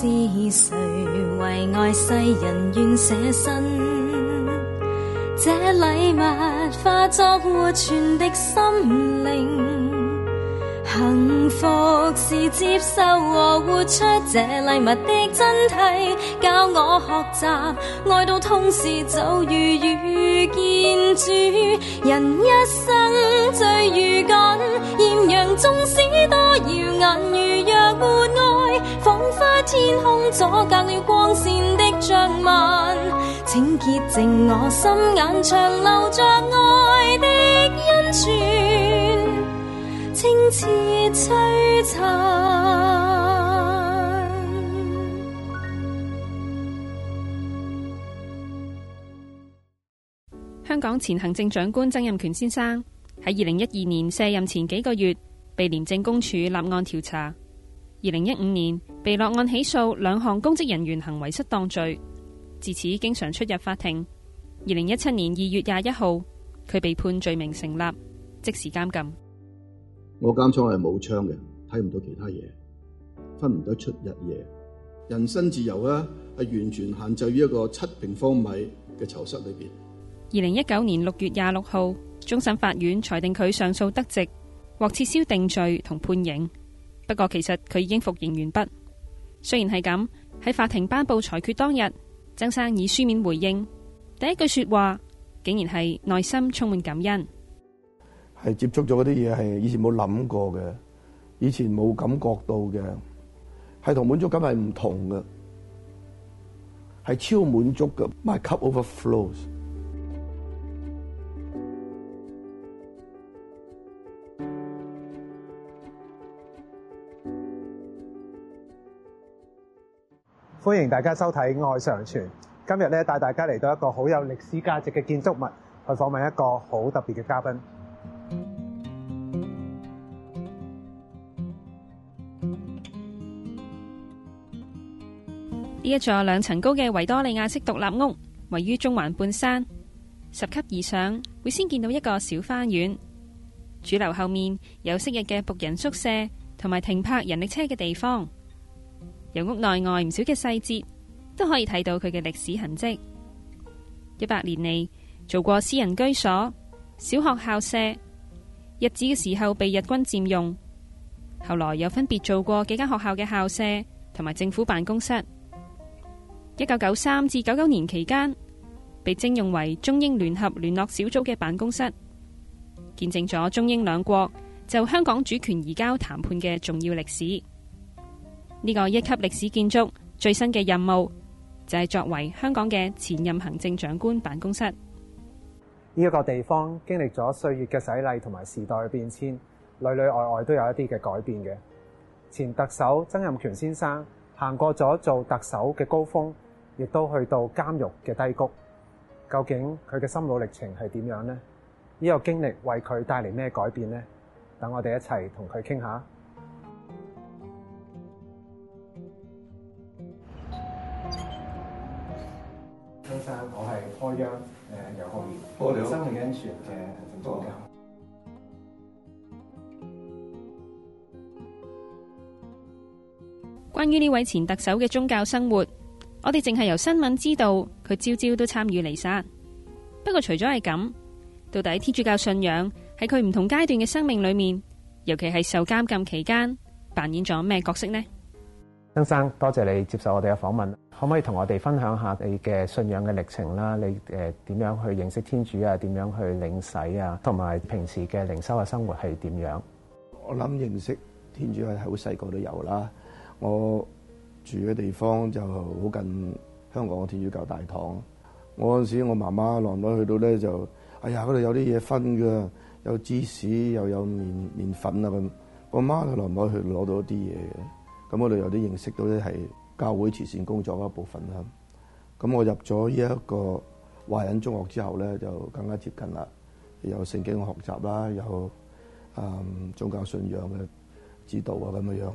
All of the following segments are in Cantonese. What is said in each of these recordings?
是誰為愛世人願捨身？這禮物化作活泉的心靈，幸福是接受和活出這禮物的真諦，教我學習愛到痛時就如遇見主。人一生最如緊，艷陽縱使多耀眼，如若沒愛，仿佛天空阻隔了光線的暢漫。請潔淨我心眼，長留着愛的恩泉，清澈璀璨。香港前行政長官曾蔭權先生喺二零一二年卸任前幾個月被廉政公署立案調查，二零一五年被落案起訴兩項公職人員行為失當罪，自此經常出入法庭。二零一七年二月廿一號，佢被判罪名成立，即時監禁我監。我監倉係冇窗嘅，睇唔到其他嘢，分唔到出入嘢。人身自由咧係完全限制於一個七平方米嘅囚室裏邊。二零一九年六月廿六號，終審法院裁定佢上訴得直，獲撤銷定罪同判刑。不過其實佢已經服刑完畢。雖然係咁，喺法庭頒布裁決當日，曾生以書面回應，第一句說話竟然係內心充滿感恩。係接觸咗嗰啲嘢，係以前冇諗過嘅，以前冇感覺到嘅，係同滿足感係唔同嘅，係超滿足嘅，my cup overflows。歡迎大家收睇《愛上傳》，今日咧帶大家嚟到一個好有歷史價值嘅建築物，去訪問一個好特別嘅嘉賓。呢一座兩層高嘅維多利亞式獨立屋，位於中環半山，拾級而上會先見到一個小花園，主樓後面有昔日嘅僕人宿舍同埋停泊人力車嘅地方。由屋內外唔少嘅細節都可以睇到佢嘅歷史痕跡。一百年嚟做過私人居所、小學校舍，日治嘅時候被日軍佔用，後來又分別做過幾間學校嘅校舍同埋政府辦公室。一九九三至九九年期間，被徵用為中英聯合聯絡小組嘅辦公室，見證咗中英兩國就香港主權移交談判嘅重要歷史。呢個一級歷史建築最新嘅任務就係作為香港嘅前任行政長官辦公室。呢一個地方經歷咗歲月嘅洗禮同埋時代嘅變遷，裏裏外外都有一啲嘅改變嘅。前特首曾蔭權先生行過咗做特首嘅高峰，亦都去到監獄嘅低谷。究竟佢嘅心路歷程係點樣呢？呢個經歷為佢帶嚟咩改變呢？等我哋一齊同佢傾下。我係開疆誒，遊學生命安全嘅執行，關於呢位前特首嘅宗教生活，我哋淨係由新聞知道佢朝朝都參與彌撒。不過除咗係咁，到底天主教信仰喺佢唔同階段嘅生命裏面，尤其係受監禁期間，扮演咗咩角色呢？先生，多謝你接受我哋嘅訪問，可唔可以同我哋分享下你嘅信仰嘅歷程啦？你誒點、呃、樣去認識天主啊？點樣去領洗啊？同埋平時嘅靈修嘅生活係點樣？我諗認識天主係好細個都有啦。我住嘅地方就好近香港嘅天主教大堂。我嗰時我媽媽攞唔去到咧，就哎呀嗰度有啲嘢分㗎，有芝士又有麵麵粉啊咁。我媽去就攞唔到去攞到一啲嘢嘅。咁我哋有啲認識到咧係教會慈善工作一部分啦。咁我入咗呢一個華仁中學之後咧，就更加接近啦。有聖經嘅學習啦，有啊、嗯、宗教信仰嘅指導啊咁樣樣。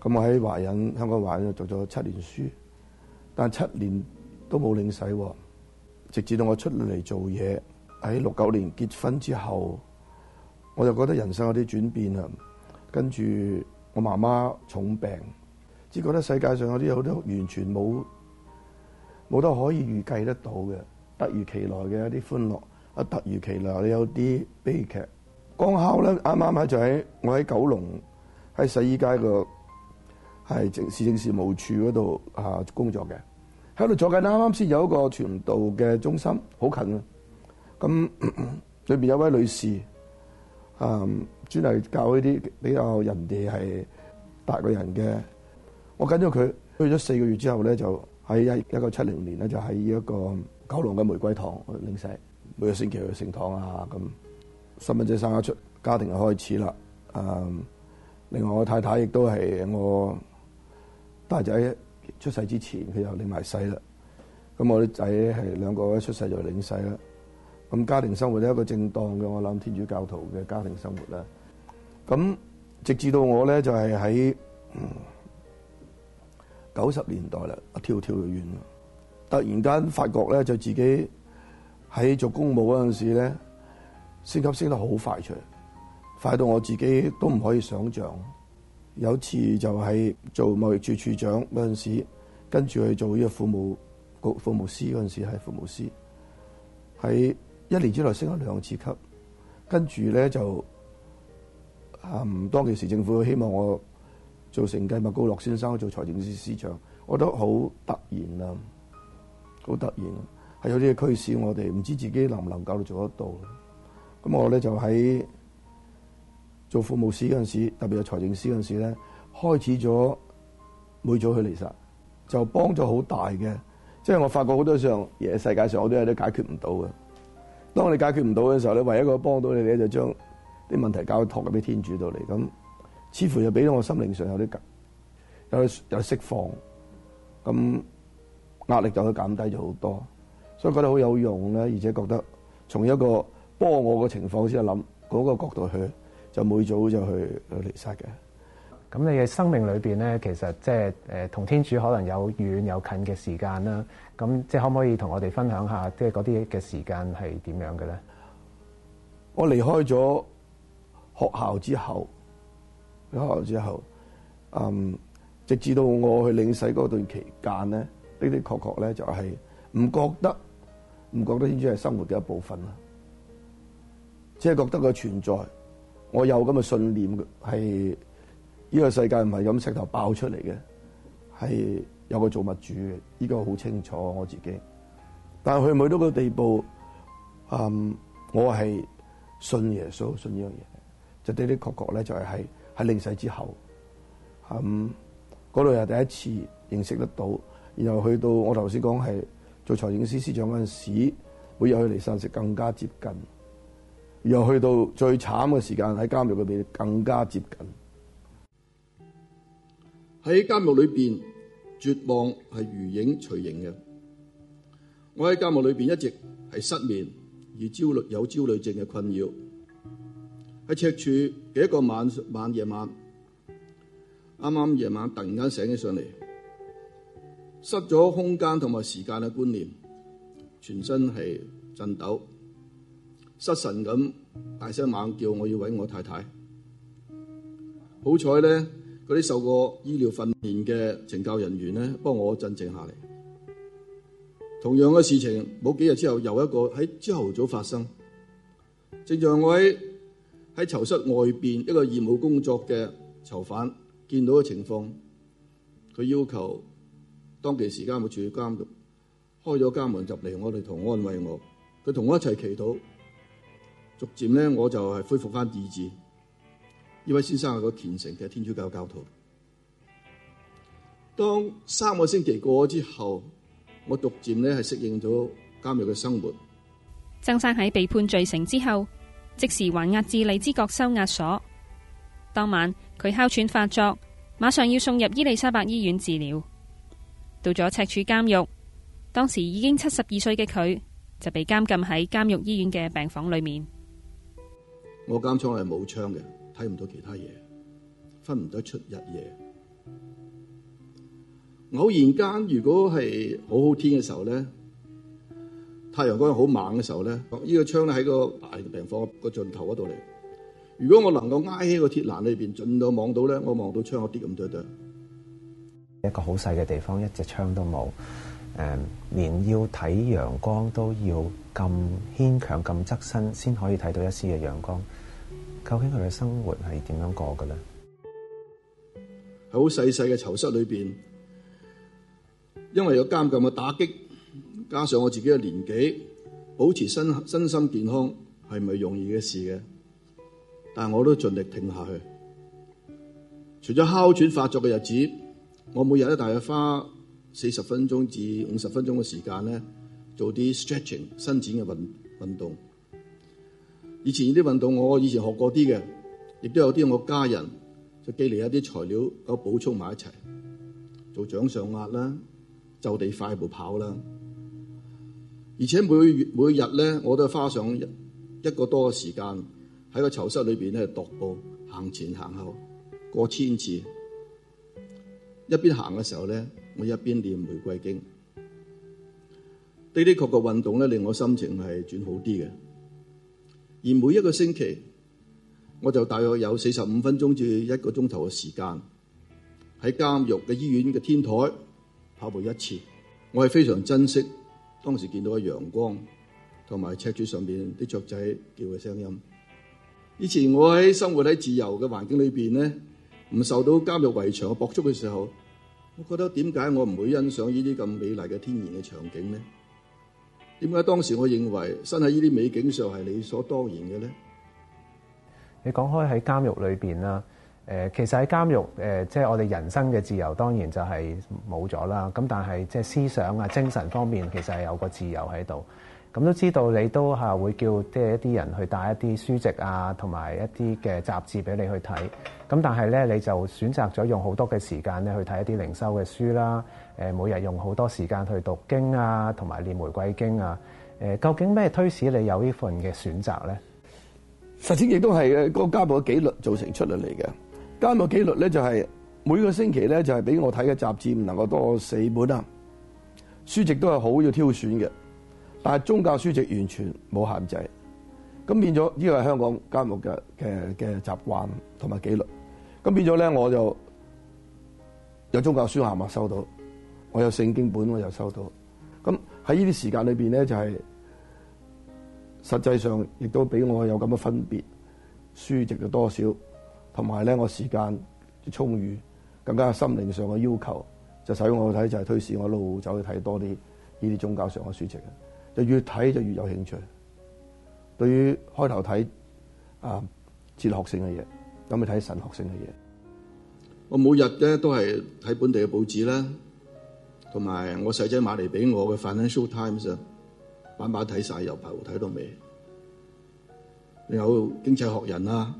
咁我喺華仁，香港華仁讀咗七年書，但七年都冇領洗。直至到我出嚟做嘢，喺六九年結婚之後，我就覺得人生有啲轉變啊。跟住。我媽媽重病，只覺得世界上有啲好多完全冇冇得可以預計得到嘅，突如其來嘅一啲歡樂，啊突如其來嘅有啲悲劇。剛巧咧，啱啱喺就喺我喺九龍喺洗衣街個係政市政事務處嗰度啊工作嘅，喺度坐緊，啱啱先有一個傳道嘅中心，好近啊！咁裏邊有一位女士，嗯。專係教呢啲比較人哋係大個人嘅，我跟咗佢去咗四個月之後咧，就喺一一九七零年咧，就喺一個九龍嘅玫瑰堂領洗，每個星期去聖堂啊咁，新聞者生咗出家庭又開始啦。誒、嗯，另外我太太亦都係我大仔出世之前，佢又領埋洗啦。咁我啲仔係兩個一出世就領洗啦。咁家庭生活呢，一個正當嘅，我諗天主教徒嘅家庭生活啦。咁直至到我咧就係喺九十年代啦，一跳跳就遠啦。突然間發覺咧就自己喺做公務嗰陣時咧，升級升得好快出嚟，快到我自己都唔可以想象。有次就係做貿易處處長嗰陣時，跟住去做呢個庫務局庫務司嗰陣時，係庫務司喺一年之內升咗兩次級，跟住咧就。啊！當其時，政府希望我做成繼麥高樂先生我做財政司司長，我都好突然啦，好突然。係有啲嘅驅使，我哋唔知自己能唔能夠做得到。咁我咧就喺做服務司嗰陣時，特別係財政司嗰陣時咧，開始咗每早去彌撒，就幫咗好大嘅。即係我發覺好多上嘢，世界上我都有啲解決唔到嘅。當你解決唔到嘅時候咧，你唯一一個幫到你咧就將。啲問題交託俾天主度嚟，咁似乎又俾到我心靈上有啲有有釋放，咁壓力就會減低咗好多，所以覺得好有用咧，而且覺得從一個幫我嘅情況先去諗嗰個角度去，就每早就去去離世嘅。咁你嘅生命裏邊咧，其實即係誒同天主可能有遠有近嘅時間啦。咁即係可唔可以同我哋分享下，即係嗰啲嘅時間係點樣嘅咧？我離開咗。學校之後，學校之後，嗯，直至到我去領洗嗰段期間咧，的的確確咧就係唔覺得，唔覺得呢啲係生活嘅一部分啦，即係覺得佢存在，我有咁嘅信念，係呢個世界唔係咁石頭爆出嚟嘅，係有個造物主嘅，呢個好清楚我自己，但係去每到那個地步，嗯，我係信耶穌，信呢樣嘢。就的的確確咧，就係喺喺零世之後，咁嗰度又第一次認識得到，然後去到我頭先講係做財政司司長嗰陣時，會有佢哋親戚更加接近，然後去到最慘嘅時間喺監獄裏邊更加接近，喺監獄裏邊絕望係如影隨形嘅，我喺監獄裏邊一直係失眠而焦慮有焦慮症嘅困擾。喺赤柱嘅一個晚晚夜晚，啱啱夜晚突然間醒起上嚟，失咗空間同埋時間嘅觀念，全身係震抖，失神咁大聲猛叫我要搵我太太。好彩咧，嗰啲受過醫療訓練嘅懲教人員咧幫我鎮靜下嚟。同樣嘅事情冇幾日之後又一個喺朝頭早發生，正像我喺。喺囚室外邊，一個義務工作嘅囚犯見到嘅情況，佢要求當其時間冇處理監獄，開咗監門入嚟，我哋同安慰我，佢同我一齊祈禱，逐漸咧我就係恢復翻意志。呢位先生係個虔誠嘅天主教教徒。當三個星期過咗之後，我逐漸咧係適應咗監獄嘅生活。曾生喺被判罪成之後。即時還押至荔枝角收押所。當晚佢哮喘發作，馬上要送入伊利沙伯醫院治療。到咗赤柱監獄，當時已經七十二歲嘅佢就被監禁喺監獄醫院嘅病房裏面。我監倉係冇窗嘅，睇唔到其他嘢，分唔到出日夜。偶然間，如果係好好天嘅時候呢，太陽光好猛嘅時候咧，呢個窗咧喺個大病房個盡頭嗰度嚟。如果我能夠挨喺個鐵欄裏邊盡量望到咧，我望到窗一啲咁多得。一個好細嘅地方，一隻窗都冇。誒、嗯，連要睇陽光都要咁牽強咁側身先可以睇到一絲嘅陽光。究竟佢嘅生活係點樣過嘅咧？喺好細細嘅囚室裏邊，因為有監禁嘅打擊。加上我自己嘅年紀，保持身身心健康係咪容易嘅事嘅，但係我都盡力挺下去。除咗哮喘發作嘅日子，我每日都大約花四十分鐘至五十分鐘嘅時間咧，做啲 stretching 伸展嘅運運動。以前呢啲運動我以前學過啲嘅，亦都有啲我家人就寄嚟一啲材料，我補充埋一齊做掌上壓啦，就地快步跑啦。而且每月每日咧，我都花上一一個多嘅時間喺個囚室裏邊咧踱步，行前行後，過千次。一邊行嘅時候咧，我一邊念玫瑰經。的的確確運動咧令我心情係轉好啲嘅。而每一個星期，我就大約有四十五分鐘至一個鐘頭嘅時間喺監獄嘅醫院嘅天台跑步一次。我係非常珍惜，當時見到嘅陽光，同埋赤柱上邊啲雀仔叫嘅聲音。以前我喺生活喺自由嘅環境裏邊咧，唔受到監獄圍牆嘅隔絕嘅時候，我覺得點解我唔會欣賞呢啲咁美麗嘅天然嘅場景咧？點解當時我認為身喺呢啲美景上係理所當然嘅咧？你講開喺監獄裏邊啦。誒，其實喺監獄，誒，即係我哋人生嘅自由當然就係冇咗啦。咁但係即係思想啊、精神方面，其實係有個自由喺度。咁都知道你都係會叫即係一啲人去帶一啲書籍啊，同埋一啲嘅雜誌俾你去睇。咁但係咧，你就選擇咗用好多嘅時間咧去睇一啲靈修嘅書啦。誒，每日用好多時間去讀經啊，同埋練玫瑰經啊。誒，究竟咩推使你有呢份嘅選擇咧？實質亦都係嘅，個監獄嘅紀律造成出嚟嚟嘅。監獄紀律咧就係每個星期咧就係俾我睇嘅雜誌唔能夠多四本啊，書籍都係好要挑選嘅，但係宗教書籍完全冇限制，咁變咗呢個係香港監獄嘅嘅嘅習慣同埋紀律，咁變咗咧我就有宗教書函啊收到，我有聖經本我又收到，咁喺呢啲時間裏邊咧就係實際上亦都俾我有咁嘅分別，書籍嘅多少。同埋咧，我時間就充裕，更加有心靈上嘅要求，就使我睇就係、是、推示我路就看一路走去睇多啲呢啲宗教上嘅書籍啊！就越睇就越有興趣。對於開頭睇啊哲學性嘅嘢，有冇睇神學性嘅嘢？我每日咧都係睇本地嘅報紙啦，同埋我細仔買嚟俾我嘅 Financial Times 晚晚睇晒由頭睇到尾。你有經濟學人啦。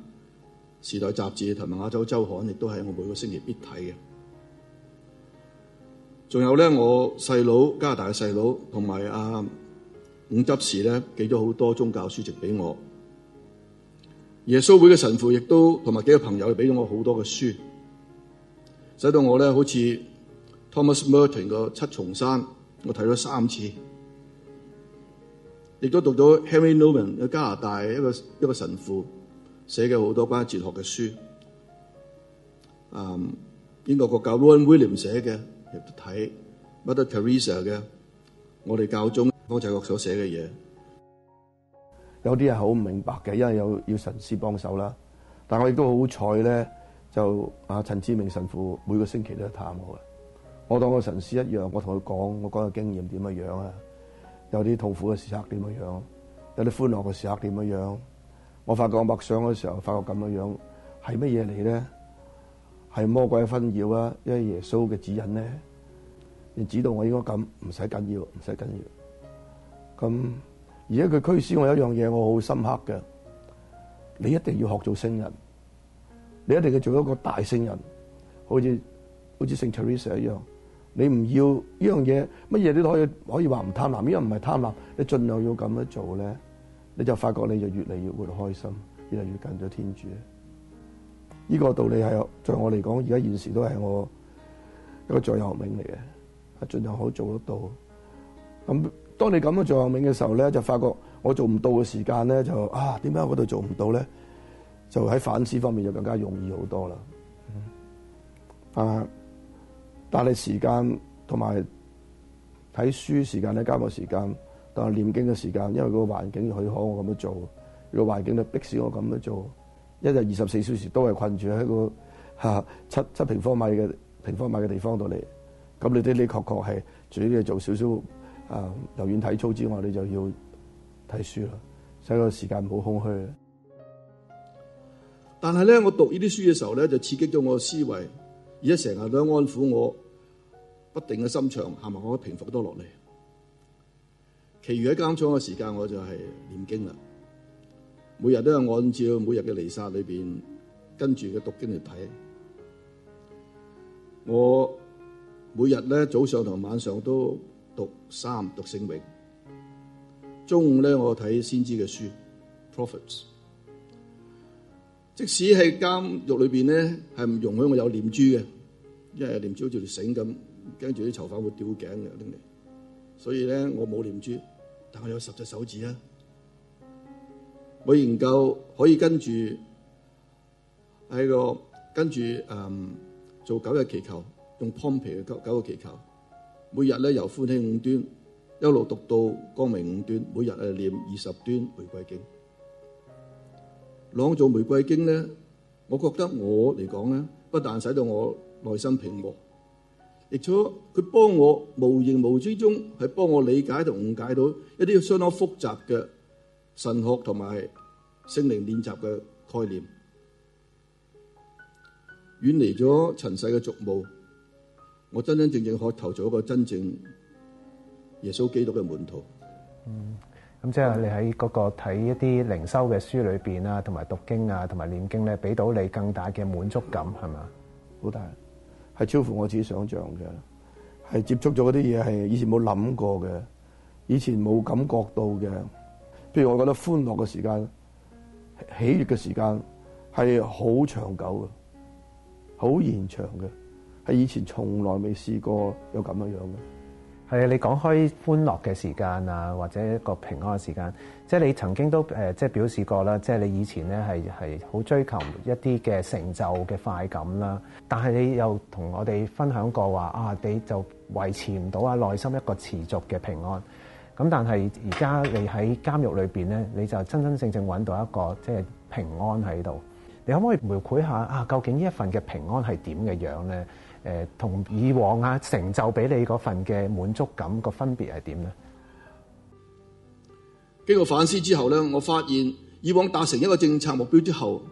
時代雜誌同埋亞洲周刊，亦都係我每個星期必睇嘅。仲有咧，我細佬加拿大嘅細佬同埋阿伍執事咧，寄咗好多宗教書籍俾我。耶穌會嘅神父亦都同埋幾個朋友，俾咗我好多嘅書，使到我咧好似 Thomas Merton 個七重山，我睇咗三次，亦都讀咗 Henry Nouwen 嘅加拿大一個一個神父，寫嘅好多關於哲學嘅書，嗯，英國國教 Rowan Williams 寫嘅亦都睇，Mother Teresa 嘅，我哋教宗方濟各所寫嘅嘢，有啲係好唔明白嘅，因為有要神師幫手啦。但係我亦都好彩咧，就阿、啊、陳志明神父每個星期都有探我嘅，我當個神師一樣，我同佢講，我講嘅經驗點樣樣啊，有啲痛苦嘅時刻點樣樣，有啲歡樂嘅時刻點樣樣。我發覺我默想嘅時候，發覺咁嘅樣係乜嘢嚟咧？係魔鬼紛擾啊，因為耶穌嘅指引咧，你指導我應該咁，唔使緊要，唔使緊要。咁而家佢驅使我有一樣嘢，我好深刻嘅。你一定要學做聖人，你一定要做一個大聖人，好似好似聖查理士一樣。你唔要呢樣嘢，乜嘢都可以可以話唔貪婪，因為唔係貪婪，你盡量要咁樣做咧。你就發覺你就越嚟越活得開心，越嚟越近咗天主。呢、這個道理係在我嚟講，而家現時都係我一個座右銘嚟嘅，盡量可做得到。咁當你咁嘅座右銘嘅時候咧，就發覺我做唔到嘅時間咧，就啊點解我度做唔到咧？就喺反思方面就更加容易好多啦。嗯、啊，但係時間同埋睇書時間咧，加個時間。但係念經嘅時間，因為個環境許可我咁樣做，個環境就逼使我咁樣做。一日二十四小時都係困住喺、那個吓、啊、七七平方米嘅平方米嘅地方度嚟。咁你的你確確係除咗做少少啊，柔軟體操之外，你就要睇書啦，使個時間唔好空虛。但係咧，我讀呢啲書嘅時候咧，就刺激咗我嘅思維，而且成日都安撫我不定嘅心腸，係咪？我可以平復多落嚟。其餘喺監倉嘅時間，我就係念經啦。每日都係按照每日嘅彌撒裏邊，跟住嘅讀經嚟睇。我每日咧早上同晚上都讀三讀聖詠，中午咧我睇先知嘅書。Prophets，即使喺監獄裏邊咧，係唔容許我有念珠嘅，因為念珠好似條繩咁，驚住啲囚犯會吊頸嘅。所以咧，我冇念珠。但我有十隻手指啊！我研究可以跟住喺個跟住嗯做九日祈求，用龐貝嘅九九日祈求，每日咧由歡喜五端一路讀到光明五端，每日係唸二十端玫瑰經。朗做玫瑰經咧，我覺得我嚟講咧，不但使到我內心平和。亦錯，佢幫我無形無之中係幫我理解同誤解到一啲相當複雜嘅神學同埋聖靈練習嘅概念，遠離咗塵世嘅俗務，我真真正正學求做一個真正耶穌基督嘅門徒。嗯，咁即係你喺嗰個睇一啲靈修嘅書裏邊啊，同埋讀經啊，同埋念經咧，俾到你更大嘅滿足感係咪？好大。係超乎我自己想象嘅，係接觸咗嗰啲嘢，係以前冇諗過嘅，以前冇感覺到嘅。譬如我覺得歡樂嘅時間，喜悅嘅時間，係好長久嘅，好延長嘅，係以前從來未試過有咁樣樣嘅。係啊，你講開歡樂嘅時間啊，或者一個平安嘅時間，即係你曾經都、呃、即係表示過啦，即係你以前咧係係好追求一啲嘅成就嘅快感啦。但係你又同我哋分享過話啊，你就維持唔到啊，內心一個持續嘅平安。咁但係而家你喺監獄裏面咧，你就真真正正揾到一個即係平安喺度。你可唔可以描繪下啊？究竟呢一份嘅平安係點嘅樣咧？誒，同以往啊，成就俾你嗰份嘅滿足感個分別係點咧？經過反思之後咧，我發現以往達成一個政策目標之後，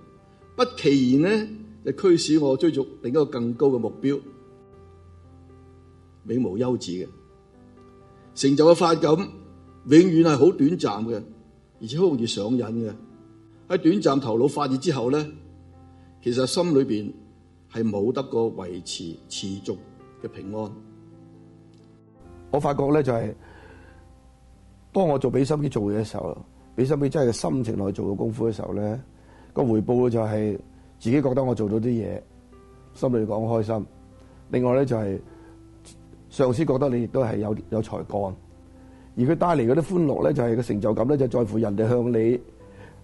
不其然咧就驅使我追逐另一個更高嘅目標，永無休止嘅成就嘅快感，永遠係好短暫嘅，而且好容易上癮嘅。喺短暫頭腦發熱之後咧，其實心裏邊。係冇得過維持持續嘅平安。我發覺咧就係、是，當我做俾心機做嘢嘅時候，俾心機真係心情內做嘅功夫嘅時候咧，個回報就係自己覺得我做到啲嘢，心裏講開心。另外咧就係、是、上司覺得你亦都係有有才幹，而佢帶嚟嗰啲歡樂咧就係、是、個成就感咧就是、在乎人哋向你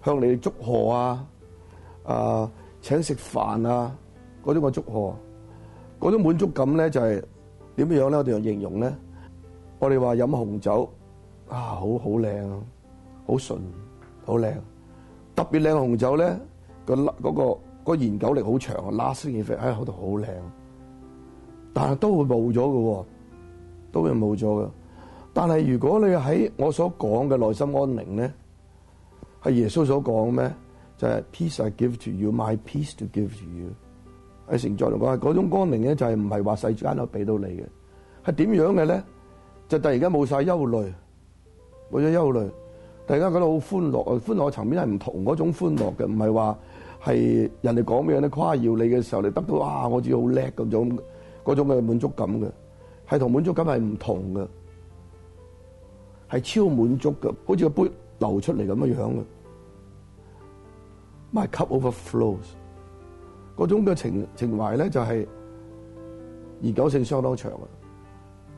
向你祝賀啊，啊請食飯啊。嗰種嘅祝賀，嗰種滿足感咧就係點樣咧？我哋又形容咧，我哋話飲紅酒啊，好好靚，好純好靚，特別靚嘅紅酒咧，嗰個個、嗰個研究力好長啊，lasting 嘅啡喺度好靚，但係都會冇咗嘅，都會冇咗嘅。但係如果你喺我所講嘅內心安寧咧，係耶穌所講咩？就係、是、Peace I give to you, my peace to give to you。喺成載嚟講，係嗰種光明咧，就係唔係話世間度俾到你嘅，係點樣嘅咧？就突然間冇晒憂慮，冇咗憂慮，突然間覺得好歡樂啊！歡樂嘅層面係唔同嗰種歡樂嘅，唔係話係人哋講咩咧誇耀你嘅時候，你得到啊，我自己好叻嗰種嘅滿足感嘅，係同滿足感係唔同嘅，係超滿足嘅，好似個杯流出嚟咁樣樣嘅，my cup overflows。嗰種嘅情情懷咧，就係持久性相當長啊！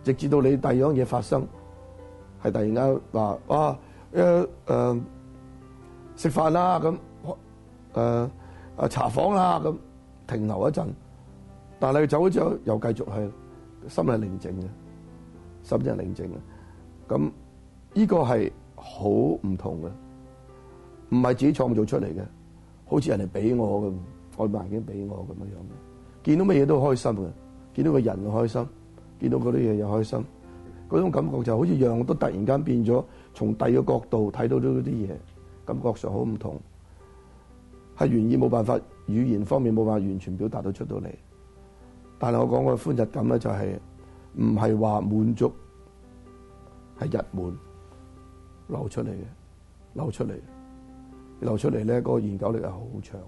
直至到你第二樣嘢發生，係突然間話啊，誒誒，食飯啦咁，誒誒，查房啦咁、嗯、停留一陣，但係佢走咗之後又繼續去，心係寧靜嘅，心真係寧靜嘅。咁呢個係好唔同嘅，唔係自己創造出嚟嘅，好似人哋俾我咁。外環境俾我咁樣樣，見到乜嘢都開心嘅，見到個人開心，見到嗰啲嘢又開心，嗰種感覺就好似樣都突然間變咗，從第二個角度睇到咗啲嘢，感覺上好唔同，係語意冇辦法，語言方面冇辦法完全表達到出到嚟。但係我講我嘅歡澤感咧、就係，就係唔係話滿足，係溢滿流出嚟嘅，流出嚟，流出嚟咧，嗰、嗰個研究力係好長。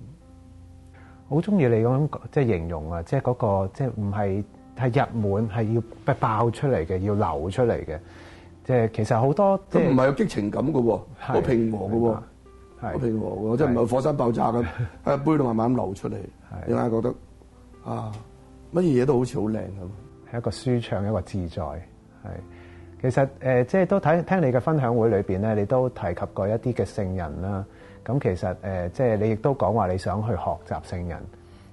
好中意你咁樣即係形容啊！即係嗰個即係唔係係入門，係要爆出嚟嘅，要流出嚟嘅。即係其實好多都唔係有激情感嘅喎，好是平和嘅喎，好白平和嘅。是即係唔係火山爆炸咁喺是杯度慢慢流出嚟。是你硬覺得啊乜嘢都好似好靚咁，係一個舒暢一個自在係。其實誒、呃，即係都睇聽你嘅分享會裏面，咧，你都提及過一啲嘅聖人啦。咁其實誒、呃，即係你亦都講話你想去學習聖人。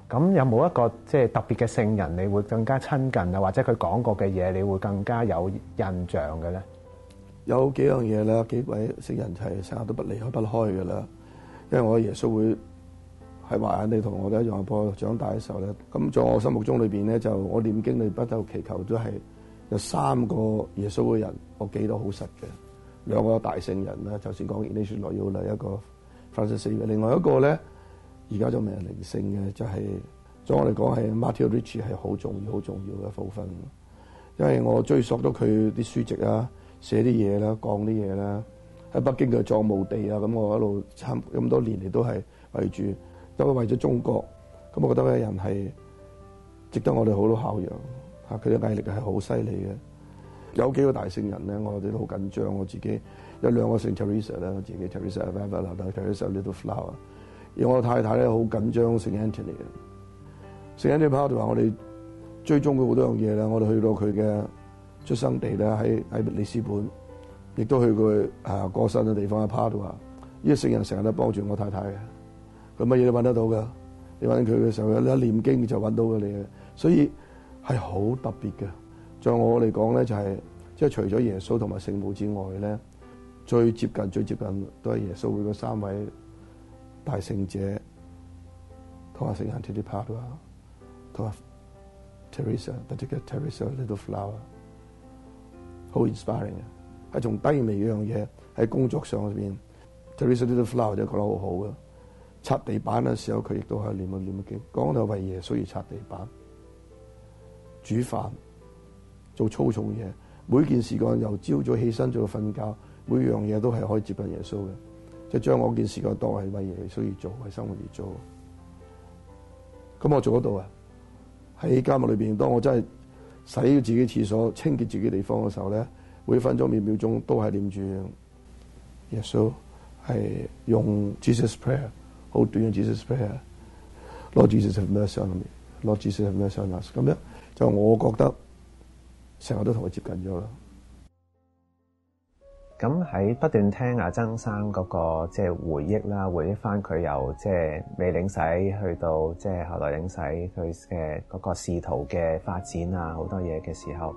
咁有冇一個即係特別嘅聖人，你會更加親近啊？或者佢講過嘅嘢，你會更加有印象嘅咧？有幾樣嘢啦，幾位聖人就係成日都不離開不開嘅啦。因為我耶穌會喺華眼，你同我哋一樣喺波長大嘅時候咧。咁在我心目中裏面咧，就我念經你不就祈求都係。有三個耶穌嘅人，我記得好實嘅。兩個大聖人啦，頭先講 Ignatius 羅耀拉一個 Francis，另外一個咧，而家就未有靈性嘅，就係，所以我哋講係 Matteo Ricci 係好重要、好重要嘅部分。因為我追溯到佢啲書籍啊，寫啲嘢啦，講啲嘢啦，喺北京嘅藏墓地啊，咁我一路差咁多年嚟都係為住，都係為咗中國。咁我覺得呢個人係值得我哋好多效仰。嚇佢啲毅力係好犀利嘅，有幾個大聖人咧，我哋都好緊張我自己。有兩個聖 Teresa 咧，我自己 Teresa Avila 同 Teresa Little Flower。而我太太咧好緊張聖 Anthony 嘅。Anthony Padua 話：我哋追蹤佢好多樣嘢啦，我哋去到佢嘅出生地咧，喺喺里斯本，亦都去過啊過身嘅地方啊。Padua 話：呢個聖人成日都幫住我太太嘅，佢乜嘢都揾得到㗎。你揾佢嘅時候，一念經就揾到佢你嘅。所以係好特別嘅，在我嚟講咧，就係即係除咗耶穌同埋聖母之外咧，最接近、最接近都係耶穌會嘅三位大聖者，同埋聖人天主帕多，同埋 Teresa，特別叫 Teresa Little Flower，好 inspiring 嘅，喺從低微嗰樣嘢喺工作上入邊，Teresa Little Flower 就覺得好好嘅，擦地板嘅時候佢亦都係念乜念嘅，講到為耶穌而擦地板。煮飯、做粗重嘢，每件事個由朝早起身做到瞓覺，每樣嘢都係可以接近耶穌嘅，即係將我件事個當係為耶穌而做，為生活而做。咁我做嗰度啊，喺家務裏邊，當我真係洗咗自己廁所、清潔自己嘅地方嘅時候咧，每分鐘每秒鐘都係念住耶穌，係用 Jesus prayer，好短嘅 Jesus prayer，Lord Jesus have mercy on me，Lord Jesus have mercy on us，咁樣。就我覺得成日都同佢接近咗咯。咁喺不斷聽阿曾生嗰個即係回憶啦，回憶翻佢由即係未領洗去到即係後來領洗佢嘅嗰個仕途嘅發展啊，好多嘢嘅時候，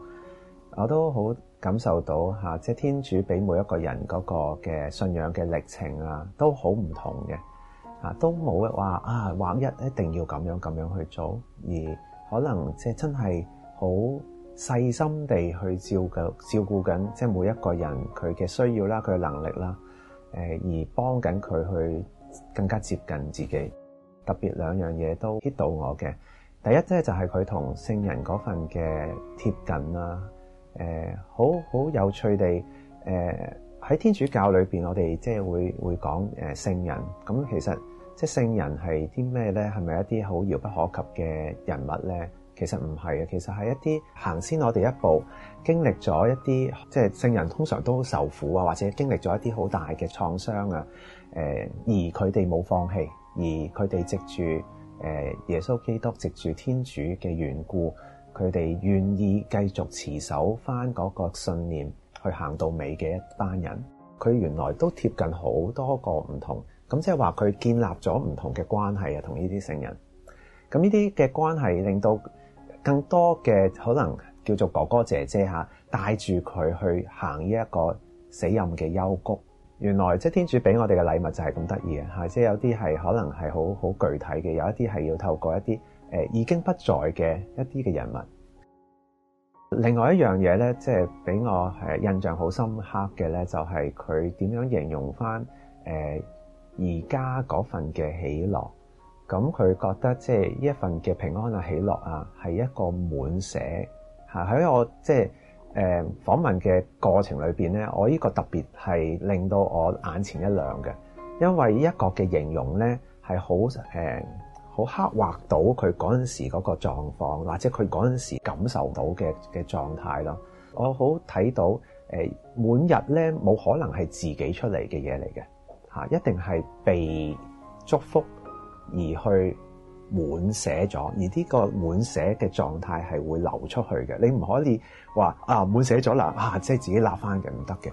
我都好感受到吓，即係天主俾每一個人嗰個嘅信仰嘅歷程啊，都好唔同嘅啊，都冇話啊，話一一定要咁樣咁樣去做而。可能即係真係好細心地去照顧照顧緊，即係每一個人佢嘅需要啦，佢嘅能力啦，誒、呃、而幫緊佢去更加接近自己。特別兩樣嘢都 hit 到我嘅，第一咧就係佢同聖人嗰份嘅貼近啦，誒好好有趣地誒喺、呃、天主教裏邊，我哋即係會會講誒聖人，咁、嗯、其實。即聖人係啲咩呢？係咪一啲好遙不可及嘅人物呢？其實唔係啊，其實係一啲行先我哋一步，經歷咗一啲即聖人通常都受苦啊，或者經歷咗一啲好大嘅創傷啊。誒，而佢哋冇放棄，而佢哋藉住耶穌基督藉住天主嘅緣故，佢哋願意繼續持守翻嗰個信念去行到尾嘅一班人，佢原來都貼近好多個唔同。咁即係話佢建立咗唔同嘅關係啊，同呢啲聖人。咁呢啲嘅關係令到更多嘅，可能叫做哥哥姐姐吓，帶住佢去行呢一個死蔭嘅幽谷。原來即係天主俾我哋嘅禮物就係咁得意嘅，吓即係有啲係可能係好好具體嘅，有一啲係要透過一啲誒、呃、已經不在嘅一啲嘅人物。另外一樣嘢咧，即係俾我印象好深刻嘅咧，就係佢點樣形容翻誒。呃而家嗰份嘅喜樂，咁佢覺得即係呢一份嘅平安啊、喜樂啊，係一個滿瀉吓。喺我即係誒訪問嘅過程裏邊咧，我呢個特別係令到我眼前一亮嘅，因為呢一個嘅形容咧係好誒好刻畫到佢嗰陣時嗰個狀況，或者佢嗰陣時感受到嘅嘅狀態咯。我好睇到誒滿日咧冇可能係自己出嚟嘅嘢嚟嘅。啊！一定係被祝福而去滿寫咗，而呢個滿寫嘅狀態係會流出去嘅。你唔可以話啊滿寫咗啦，啊，啊即係自己立翻嘅唔得嘅。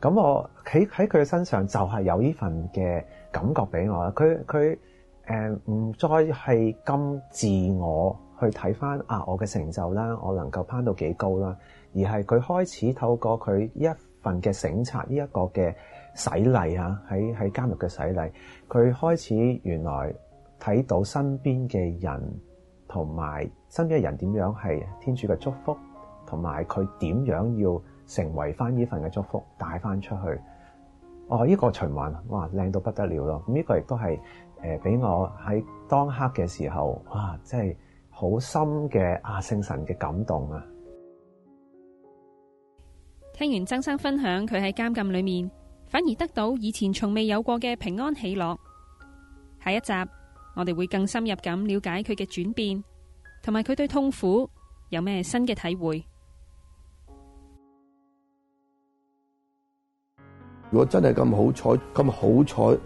咁我喺喺佢嘅身上就係有呢份嘅感覺俾我啦。佢佢誒唔再係咁自我去睇翻啊我嘅成就啦，我能夠攀到幾高啦，而係佢開始透過佢呢一份嘅省察呢一，這個嘅。洗禮啊，喺喺監獄嘅洗禮，佢開始原來睇到身邊嘅人同埋身邊嘅人點樣係天主嘅祝福，同埋佢點樣要成為翻呢份嘅祝福帶翻出去，哦，呢個循環哇靚到不得了咯！嗯，呢個亦都係誒俾我喺當刻嘅時候哇，即係好深嘅阿聖神嘅感動啊！聽完曾生分享佢喺監禁裏面。反而得到以前從未有過嘅平安喜樂。下一集我哋會更深入咁了解佢嘅轉變，同埋佢對痛苦有咩新嘅體會？如果真係咁好彩，咁好彩，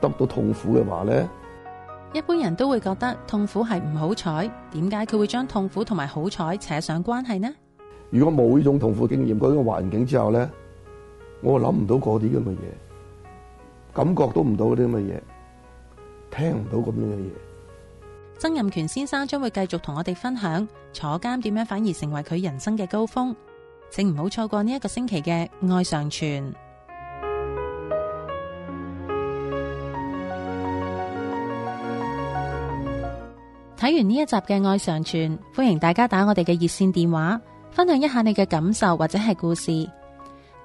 得到痛苦嘅話呢，一般人都會覺得痛苦係唔好彩。點解佢會將痛苦同埋好彩扯上關係呢？如果冇呢種痛苦經驗，嗰種環境之後呢。我諗唔到嗰啲咁嘅嘢，感覺都唔到嗰啲咁嘅嘢，聽唔到咁樣嘅嘢。曾蔭權先生將會繼續同我哋分享坐監點樣反而成為佢人生嘅高峰，請唔好錯過呢一個星期嘅《愛上傳》。睇完呢一集嘅《愛上傳》，歡迎大家打我哋嘅熱線電話，分享一下你嘅感受或者係故事。